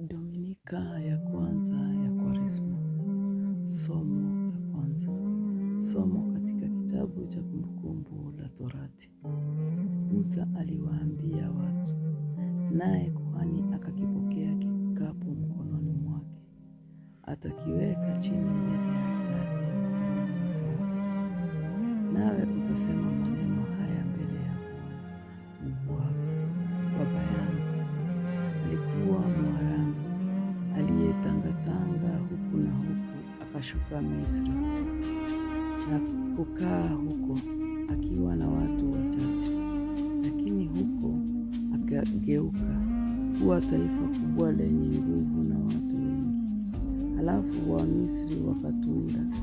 Dominika ya kwanza ya Kwaresma. Somo la kwanza. Somo katika kitabu cha Kumbukumbu la Torati. Musa aliwaambia watu, naye kuhani akakipokea kikapu mkononi mwake, atakiweka chini mbele ya altari ya Bwana Mungu nawe utasema maneno akashuka Misri na kukaa huko akiwa na watu wachache, lakini huko akageuka kuwa taifa kubwa lenye nguvu na watu wengi. Halafu Wamisri wakatunda,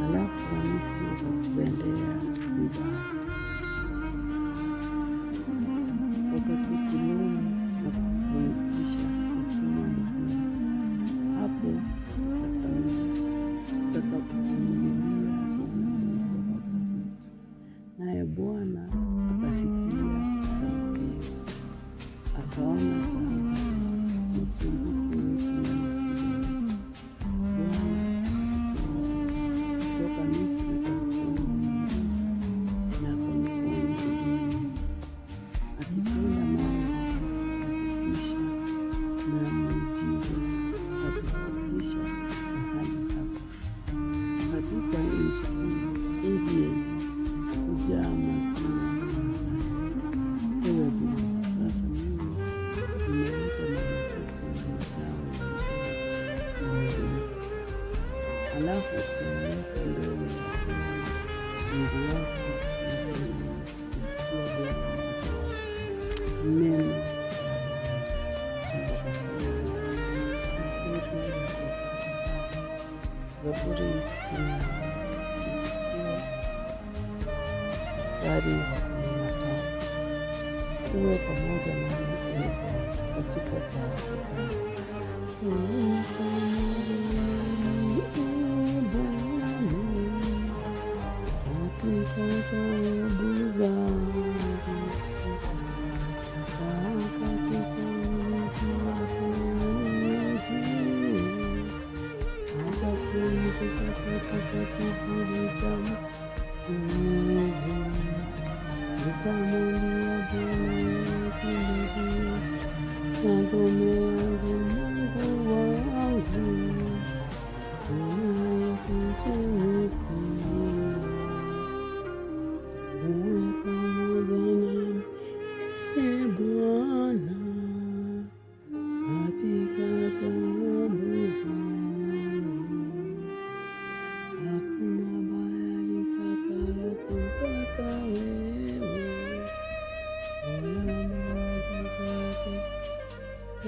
halafu Wamisri wakapendea vibaya Bom halafu utaweka mbele ya Mungu wako mema Zaburi sina mstari wa kumi na tano uwe pamoja nami ee katika taabu zangu kutuabuza katika mji wake atapumzika katika kivuli cha mwenyezi nitamwambia bwana yakumbia na ngome yangu mungu wangu unayekutumu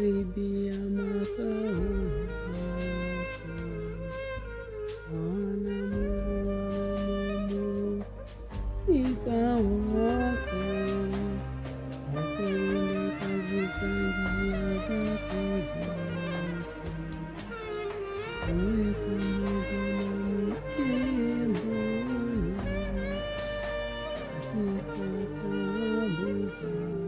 হৃদিয়া মাতা Thank you.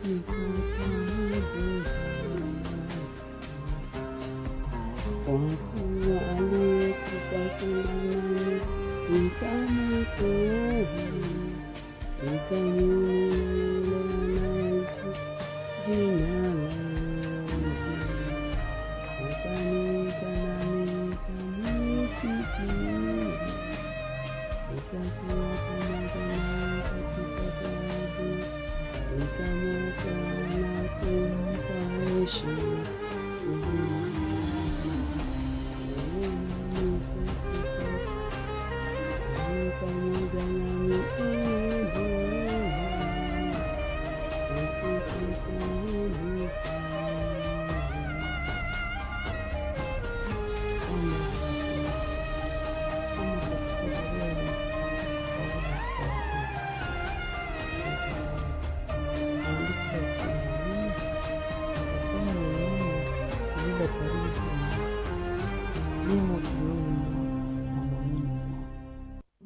ที่ข้าจะให้บูชาขอ้อาลีกูปจนอมีจ้าไม่กูมีเจ้าอยู่ในักที่นานจนีจานานีจาีท่า ateşi Sen dhaifu limo moyoni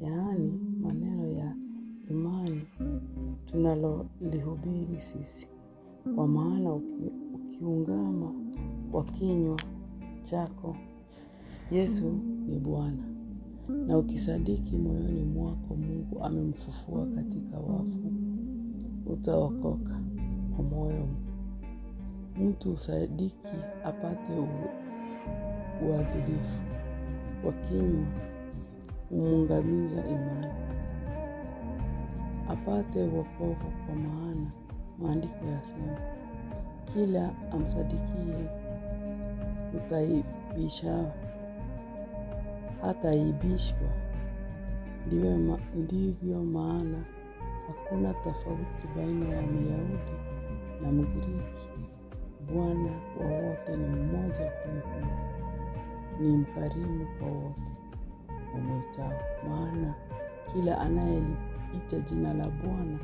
yaani maneno ya imani tunalolihubiri sisi. Kwa maana ukiungama kwa kinywa chako Yesu ni Bwana na ukisadiki moyoni mwako Mungu amemfufua katika wafu, utaokoka kwa moyo mtu usadiki apate uadilifu, wakinywa humuangamiza imani, apate wokovu, kwa maana maandiko yasema, kila amsadikie utaibisha hataibishwa. Ndivyo maana hakuna tofauti baina ya Myahudi na Mgiriki, Bwana wa wote ni mmoja kuu, ni mkarimu kwa wote wamwitao, maana kila anayeliita jina la Bwana